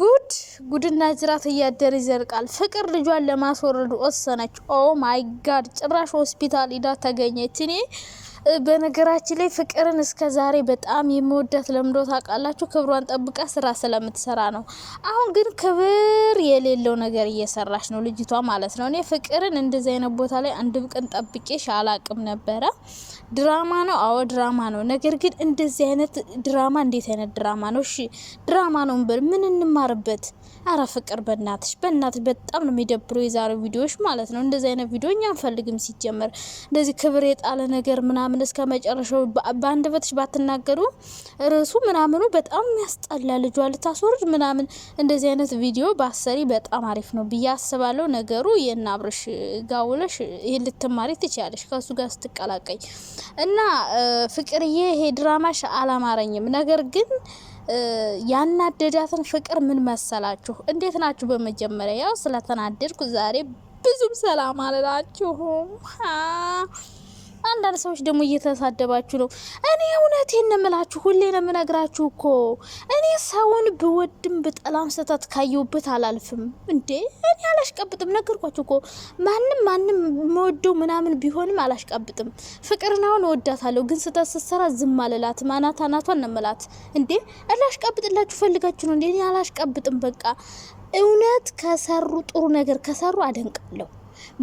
ጉድ ጉድና ጅራት እያደር ይዘርቃል። ፍቅር ልጇን ለማስወረድ ወሰነች። ኦ ማይ ጋድ! ጭራሽ ሆስፒታል ሂዳ ተገኘች። እኔ በነገራችን ላይ ፍቅርን እስከ ዛሬ በጣም የመወዳት ለምዶ ታውቃላችሁ፣ ክብሯን ጠብቃ ስራ ስለምትሰራ ነው። አሁን ግን ክብር የሌለው ነገር እየሰራች ነው ልጅቷ ማለት ነው። እኔ ፍቅርን እንደዚ አይነት ቦታ ላይ አንድ ብቅን ጠብቄ ሻላቅም ነበረ። ድራማ ነው፣ አዎ ድራማ ነው። ነገር ግን እንደዚህ አይነት ድራማ እንዴት አይነት ድራማ ነው? እሺ ድራማ ነው እንበል፣ ምን እንማርበት? አረ ፍቅር በእናትሽ በእናትሽ፣ በጣም ነው የሚደብረው የዛሬው ቪዲዮዎች ማለት ነው። እንደዚህ አይነት ቪዲዮ እኛ አንፈልግም። ሲጀመር እንደዚህ ክብር የጣለ ነገር ምናምን ምናምን እስከ መጨረሻው በአንድ በትሽ ባትናገሩ ርዕሱ ምናምኑ በጣም የሚያስጠላ ልጇ ልታስወርድ ምናምን እንደዚህ አይነት ቪዲዮ በአሰሪ በጣም አሪፍ ነው ብዬ አስባለሁ። ነገሩ የና አብርሽ ጋውለሽ ይህን ልትማሪ ትችያለሽ ከእሱ ጋር ስትቀላቀኝ እና ፍቅርዬ፣ ይሄ ድራማሽ አላማረኝም። ነገር ግን ያናደዳትን ፍቅር ምን መሰላችሁ? እንዴት ናችሁ? በመጀመሪያ ያው ስለተናደድኩ ዛሬ ብዙም ሰላም አልላችሁም። አንዳንድ ሰዎች ደግሞ እየተሳደባችሁ ነው። እኔ እውነቴን ነው የምላችሁ፣ ሁሌ ነው የምነግራችሁ እኮ እኔ ሰውን ብወድም ብጠላም ስህተት ካየሁበት አላልፍም። እንዴ እኔ አላሽቀብጥም፣ ነገርኳችሁ እኮ ማንም ማንም መወደው ምናምን ቢሆንም አላሽቀብጥም። ፍቅርን አሁን እወዳታለሁ፣ ግን ስህተት ስትሰራ ዝም አልላት፣ ማናት አናቷን ነው የምላት። እንዴ አላሽቀብጥላችሁ ፈልጋችሁ ነው እንዴ? እኔ አላሽቀብጥም። በቃ እውነት ከሰሩ ጥሩ ነገር ከሰሩ አደንቃለሁ።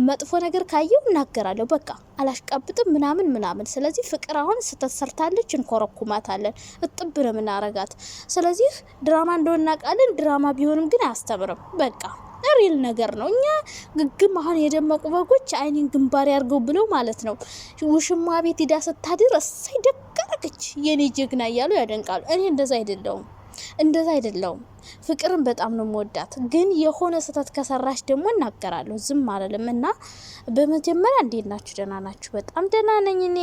መጥፎ ነገር ካየው እናገራለሁ። በቃ አላሽቀብጥም ምናምን ምናምን። ስለዚህ ፍቅር አሁን ስተሰርታለች፣ እንኮረኩማታለን፣ እጥብ ነው የምናረጋት። ስለዚህ ድራማ እንደሆነ እናውቃለን። ድራማ ቢሆንም ግን አያስተምርም። በቃ ሪል ነገር ነው። እኛ ግግም አሁን የደመቁ በጎች አይኔን ግንባር ያርገው ብለው ማለት ነው። ውሽማ ቤት ሂዳ ስታድር እሳይ ደቀረቅች የኔ ጀግና እያሉ ያደንቃሉ። እኔ እንደዛ አይደለውም፣ እንደዛ አይደለውም። ፍቅርን በጣም ነው መወዳት፣ ግን የሆነ ስህተት ከሰራች ደግሞ እናገራለሁ፣ ዝም አልልም። እና በመጀመሪያ እንዴት ናችሁ? ደህና ናችሁ? በጣም ደህና ነኝ እኔ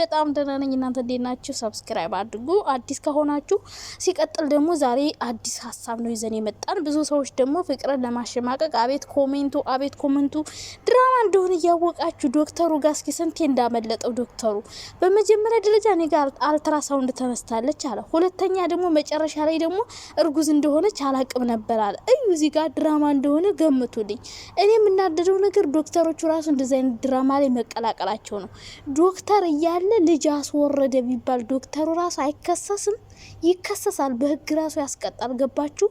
በጣም ደህና ነኝ። እናንተ እንዴት ናችሁ? ሰብስክራይብ አድርጉ አዲስ ከሆናችሁ። ሲቀጥል ደግሞ ዛሬ አዲስ ሀሳብ ነው ይዘን የመጣን። ብዙ ሰዎች ደግሞ ፍቅርን ለማሸማቀቅ አቤት ኮሜንቱ፣ አቤት ኮሜንቱ ድራማ እንደሆነ እያወቃችሁ ዶክተሩ ጋር እስኪ ስንቴ እንዳመለጠው ዶክተሩ። በመጀመሪያ ደረጃ እኔ ጋር አልትራሳውንድ ተነስታለች አለ። ሁለተኛ ደግሞ መጨረሻ ላይ ደግሞ እርጉዝ እንደሆነ እንደሆነች አላቅም ነበር አለ። እዩ እዚህ ጋር ድራማ እንደሆነ ገምቱልኝ። እኔ የምናደደው ነገር ዶክተሮቹ ራሱ እንደዚ አይነት ድራማ ላይ መቀላቀላቸው ነው። ዶክተር እያለ ልጅ አስወረደ ቢባል ዶክተሩ ራሱ አይከሰስም? ይከሰሳል፣ በህግ ራሱ ያስቀጣል። ገባችሁ?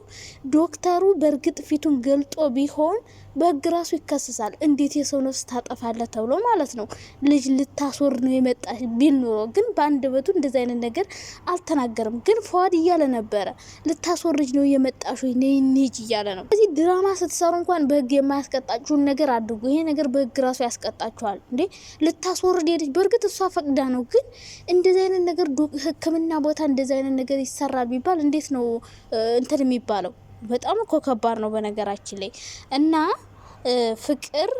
ዶክተሩ በእርግጥ ፊቱን ገልጦ ቢሆን በህግ ራሱ ይከሰሳል። እንዴት የሰው ነፍስ ታጠፋለ ተብሎ ማለት ነው። ልጅ ልታስወር ነው የመጣ ቢል ኖሮ ግን በአንድ በቱ እንደዚ አይነት ነገር አልተናገርም። ግን ፈዋድ እያለ ነበረ ልታስወር ልጅ ነው የመጣሽ ወይ ነይንጅ እያለ ነው። እዚህ ድራማ ስትሰሩ እንኳን በህግ የማያስቀጣችሁን ነገር አድርጉ። ይሄ ነገር በህግ ራሱ ያስቀጣችኋል እንዴ! ልታስወርድ የልጅ በእርግጥ እሷ ፈቅዳ ነው፣ ግን እንደዚ አይነት ነገር ህክምና ቦታ እንደዚ አይነት ነገር ይሰራል ቢባል እንዴት ነው እንትን የሚባለው? በጣም እኮ ከባድ ነው በነገራችን ላይ እና ፍቅር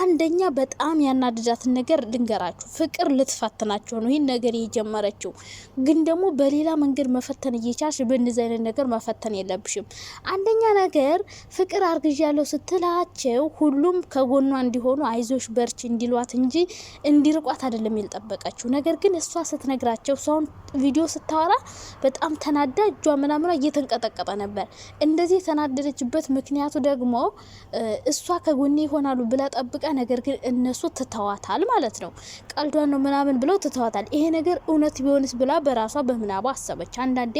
አንደኛ በጣም ያናድዳትን ነገር ልንገራችሁ፣ ፍቅር ልትፈትናቸው ነው ይህን ነገር የጀመረችው። ግን ደግሞ በሌላ መንገድ መፈተን እየቻልሽ በእንደዚህ አይነት ነገር መፈተን የለብሽም። አንደኛ ነገር ፍቅር አርግዣ ያለው ስትላቸው ሁሉም ከጎኗ እንዲሆኑ አይዞሽ በርች እንዲሏት እንጂ እንዲርቋት አይደለም የጠበቀችው። ነገር ግን እሷ ስትነግራቸው ሰውን ቪዲዮ ስታወራ በጣም ተናዳ እጇ ምናምኗ እየተንቀጠቀጠ ነበር። እንደዚህ የተናደደችበት ምክንያቱ ደግሞ እሷ ከጎኔ ይሆናሉ ብላ ደብቃ፣ ነገር ግን እነሱ ትተዋታል ማለት ነው። ቀልዷን ነው ምናምን ብለው ትተዋታል። ይሄ ነገር እውነት ቢሆንስ ብላ በራሷ በምናቧ አሰበች። አንዳንዴ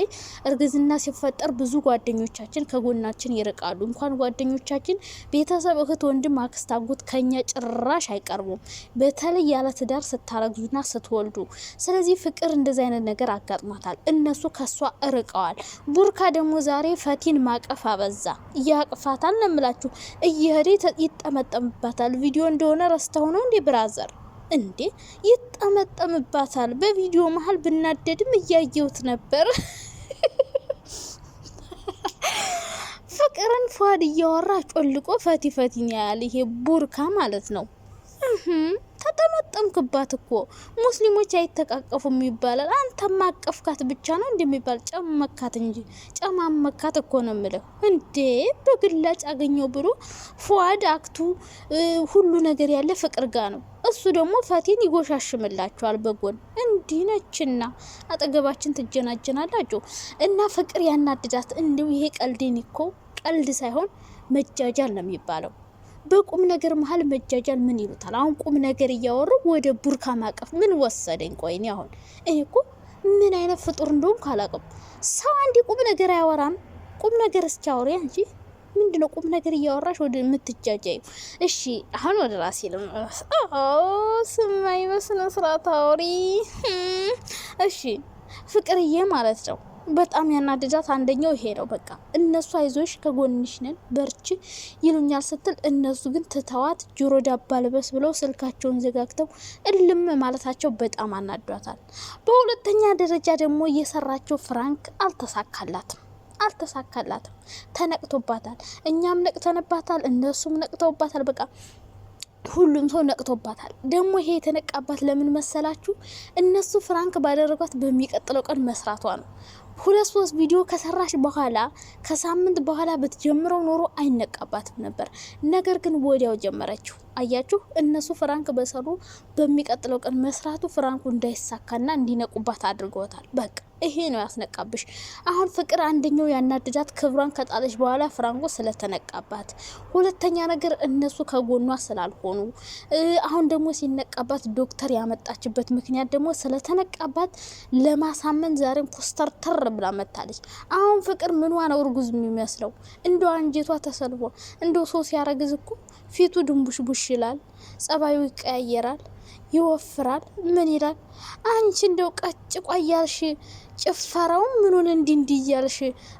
እርግዝና ሲፈጠር ብዙ ጓደኞቻችን ከጎናችን ይርቃሉ። እንኳን ጓደኞቻችን ቤተሰብ፣ እህት፣ ወንድም፣ አክስት፣ አጎት ከኛ ጭራሽ አይቀርቡም። በተለይ ያለ ትዳር ስታረግዙና ስትወልዱ። ስለዚህ ፍቅር እንደዚ አይነት ነገር አጋጥሟታል። እነሱ ከሷ እርቀዋል። ቡርካ ደግሞ ዛሬ ፈቲን ማቀፍ አበዛ። እያቅፋታል ነው የምላችሁ፣ እየሄደ ይጠመጠምባታል። ቪዲዮ እንደሆነ ረስተው ነው እንዴ ብራዘር? እንዴ ይጠመጠምባታል። በቪዲዮ መሀል ብናደድም እያየሁት ነበር። ፍቅርን ፏድ እያወራ ጮልቆ ፈቲ ፈቲን ያያል። ይሄ ቡርካ ማለት ነው። ተጠመጠምክባት እኮ ሙስሊሞች አይተቃቀፉም ይባላል። አንተ ማቀፍካት ብቻ ነው እንደሚባል ጨመካት እንጂ ጨማመካት እኮ ነው የምለው። እንዴ በግላጭ አገኘው ብሎ ፏድ አክቱ ሁሉ ነገር ያለ ፍቅር ጋ ነው። እሱ ደግሞ ፈቲን ይጎሻሽምላቸዋል በጎን እንዲህ ነችና አጠገባችን ትጀናጀናላችሁ። እና ፍቅር ያናድዳት እንዲሁ ይሄ ቀልዴን እኮ ቀልድ ሳይሆን መጃጃል ነው የሚባለው። በቁም ነገር መሀል መጃጃል ምን ይሉታል? አሁን ቁም ነገር እያወሩ ወደ ቡርካ ማቀፍ ምን ወሰደኝ? ቆይኔ አሁን እኔ እኮ ምን አይነት ፍጡር እንደውም ካላቅም ሰው አንድ ቁም ነገር አያወራም። ቁም ነገር እስኪያወሩ አንቺ ምንድነው ቁም ነገር እያወራሽ ወደ የምትጃጃዩ? እሺ አሁን ወደ ራሴ ልመለስ። ስማኝ፣ በስነ ስርዓት አውሪ። እሺ ፍቅርዬ ማለት ነው በጣም ያናደዳት አንደኛው ይሄ ነው። በቃ እነሱ አይዞሽ ከጎንሽ ነን በርቺ ይሉኛል ስትል፣ እነሱ ግን ትተዋት ጆሮ ዳባ ልበስ ብለው ስልካቸውን ዘጋግተው እልም ማለታቸው በጣም አናዷታል። በሁለተኛ ደረጃ ደግሞ የሰራቸው ፍራንክ አልተሳካላትም አልተሳካላትም። ተነቅቶባታል። እኛም ነቅተንባታል፣ እነሱም ነቅተውባታል። በቃ ሁሉም ሰው ነቅቶባታል። ደግሞ ይሄ የተነቃባት ለምን መሰላችሁ? እነሱ ፍራንክ ባደረጓት በሚቀጥለው ቀን መስራቷ ነው። ሁለት ሶስት ቪዲዮ ከሰራሽ በኋላ ከሳምንት በኋላ ብትጀምረው ኖሮ አይነቃባትም ነበር። ነገር ግን ወዲያው ጀመረችው። አያችሁ፣ እነሱ ፍራንክ በሰሩ በሚቀጥለው ቀን መስራቱ ፍራንኩ እንዳይሳካና እንዲነቁባት አድርገውታል። በቃ ይሄ ነው ያስነቃብሽ። አሁን ፍቅር አንደኛው ያናድዳት ክብሯን ከጣለች በኋላ ፍራንጎ ስለተነቃባት፣ ሁለተኛ ነገር እነሱ ከጎኗ ስላልሆኑ፣ አሁን ደግሞ ሲነቃባት ዶክተር ያመጣችበት ምክንያት ደግሞ ስለተነቃባት ለማሳመን ዛሬም ፖስተር ተር ብላ መታለች። አሁን ፍቅር ምኗ ነው እርጉዝ የሚመስለው? እንደ አንጀቷ ተሰልቦ እንደ ሰው ሲያረግዝ እኮ ፊቱ ድንቡሽቡሽ ይላል። ጸባዩ ይቀያየራል፣ ይወፍራል፣ ምን ይላል። አንቺ እንደው ቀጭቋ እያልሽ ጭፈራውን ምኑን እንዲ እንዲ እያልሽ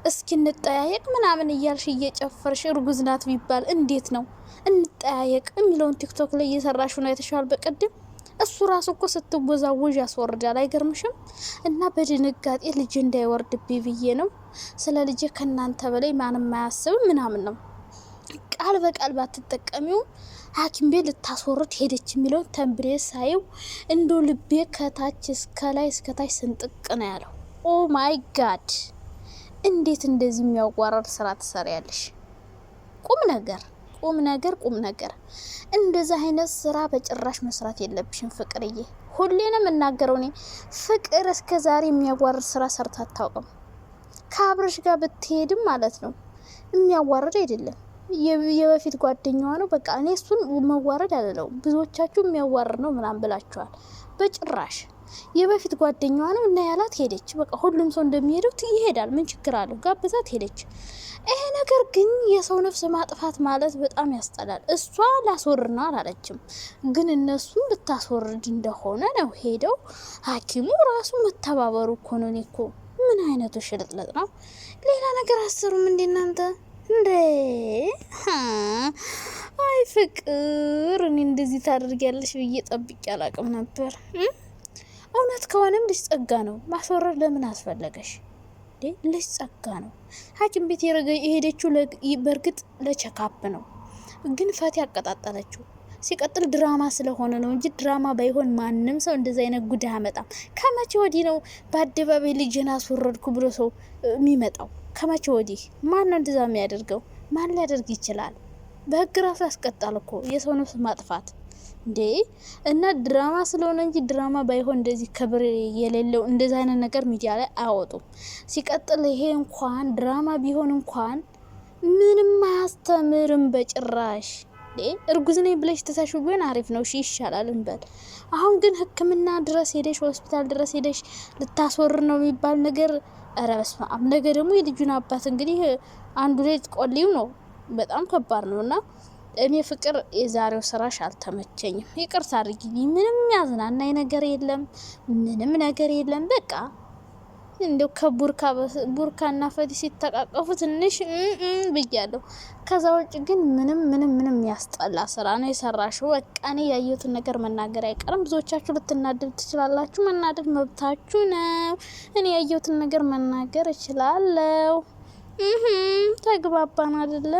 እስኪ እንጠያየቅ ምናምን እያልሽ እየጨፈርሽ እርጉዝ ናት ቢባል እንዴት ነው እንጠያየቅ የሚለውን ቲክቶክ ላይ እየሰራሽ ነው የተሻል በቅድም እሱ ራሱ እኮ ስትወዛወዥ ያስወርዳል። አይገርምሽም? እና በድንጋጤ ልጅ እንዳይወርድብኝ ብዬ ነው። ስለ ልጅ ከእናንተ በላይ ማንም አያስብም ምናምን ነው ቃል በቃል ባትጠቀሚው ሐኪም ቤት ልታስወሩት ሄደች የሚለውን ተንብሬ ሳየው እንዶ ልቤ ከታች እስከ ላይ እስከ ታች ስንጥቅ ነው ያለው። ኦ ማይ ጋድ! እንዴት እንደዚህ የሚያዋረር ስራ ትሰሪያለሽ? ቁም ነገር ቁም ነገር ቁም ነገር። እንደዛ አይነት ስራ በጭራሽ መስራት የለብሽም ፍቅርዬ። ሁሌንም የምናገረው እኔ ፍቅር እስከ ዛሬ የሚያዋርድ ስራ ሰርታ አታውቅም። ከአብረሽ ጋር ብትሄድም ማለት ነው የሚያዋርድ አይደለም። የበፊት ጓደኛዋ ነው። በቃ እኔ እሱን መዋረድ አልለውም። ብዙዎቻችሁ የሚያዋርድ ነው ምናምን ብላችኋል። በጭራሽ የበፊት ጓደኛዋ ነው እና ያላት ሄደች። በቃ ሁሉም ሰው እንደሚሄደው ይሄዳል። ምን ችግር አለው? ጋብዛት ሄደች። ይሄ ነገር ግን የሰው ነፍስ ማጥፋት ማለት በጣም ያስጠላል። እሷ ላስወርድና አላለችም፣ ግን እነሱ ልታስወርድ እንደሆነ ነው ሄደው። ሐኪሙ ራሱ መተባበሩ እኮ ነው። እኔ እኮ ምን አይነቱ ሽልጥለጥ ነው? ሌላ ነገር አሰሩም እንዴ እናንተ እንዴ! አይ ፍቅር፣ እኔ እንደዚህ ታደርጊያለሽ ብዬ ጠብቄ አላቅም ነበር። እውነት ከሆነም ልጅ ጸጋ ነው። ማስወረድ ለምን አስፈለገሽ? ልጅ ጸጋ ነው። ሐኪም ቤት የሄደችው በእርግጥ ለቸካፕ ነው፣ ግን ፈት ያቀጣጠለችው ሲቀጥል ድራማ ስለሆነ ነው እንጂ ድራማ ባይሆን ማንም ሰው እንደዚ አይነት ጉዳይ አመጣም። ከመቼ ወዲህ ነው በአደባባይ ልጅን አስወረድኩ ብሎ ሰው የሚመጣው? ከመቼ ወዲህ ማን ነው እንደዛ የሚያደርገው? ማን ሊያደርግ ይችላል? በህግ ራሱ ያስቀጣል እኮ የሰው ነፍስ ማጥፋት እንዴ እና ድራማ ስለሆነ እንጂ ድራማ ባይሆን እንደዚህ ክብር የሌለው እንደዚህ አይነት ነገር ሚዲያ ላይ አያወጡም። ሲቀጥል ይሄ እንኳን ድራማ ቢሆን እንኳን ምንም አያስተምርም በጭራሽ። እርጉዝ ነኝ ብለሽ ትተሽው ቢሆን አሪፍ ነው፣ እሺ ይሻላል እንበል። አሁን ግን ሕክምና ድረስ ሄደሽ ሆስፒታል ድረስ ሄደሽ ልታስወር ነው የሚባል ነገር ኧረ በስመ አብ። ነገ ደግሞ የልጁን አባት እንግዲህ አንዱ ላይ ቆሊው ነው፣ በጣም ከባድ ነው እና እኔ ፍቅር የዛሬው ስራሽ አልተመቸኝም፣ ይቅርታ አድርጊኝ። ምንም ያዝናናኝ ነገር የለም፣ ምንም ነገር የለም በቃ እንዲያው ከቡርካ ቡርካና ፈቲ ሲተቃቀፉ ትንሽ ብያለሁ። ከዛ ውጭ ግን ምንም ምንም ምንም ያስጠላ ስራ ነው የሰራሽው። በቃ እኔ ያየሁትን ነገር መናገር አይቀርም። ብዙዎቻችሁ ልትናደድ ትችላላችሁ። መናደድ መብታችሁ ነው። እኔ ያየሁትን ነገር መናገር እችላለሁ። ተግባባን አይደለ?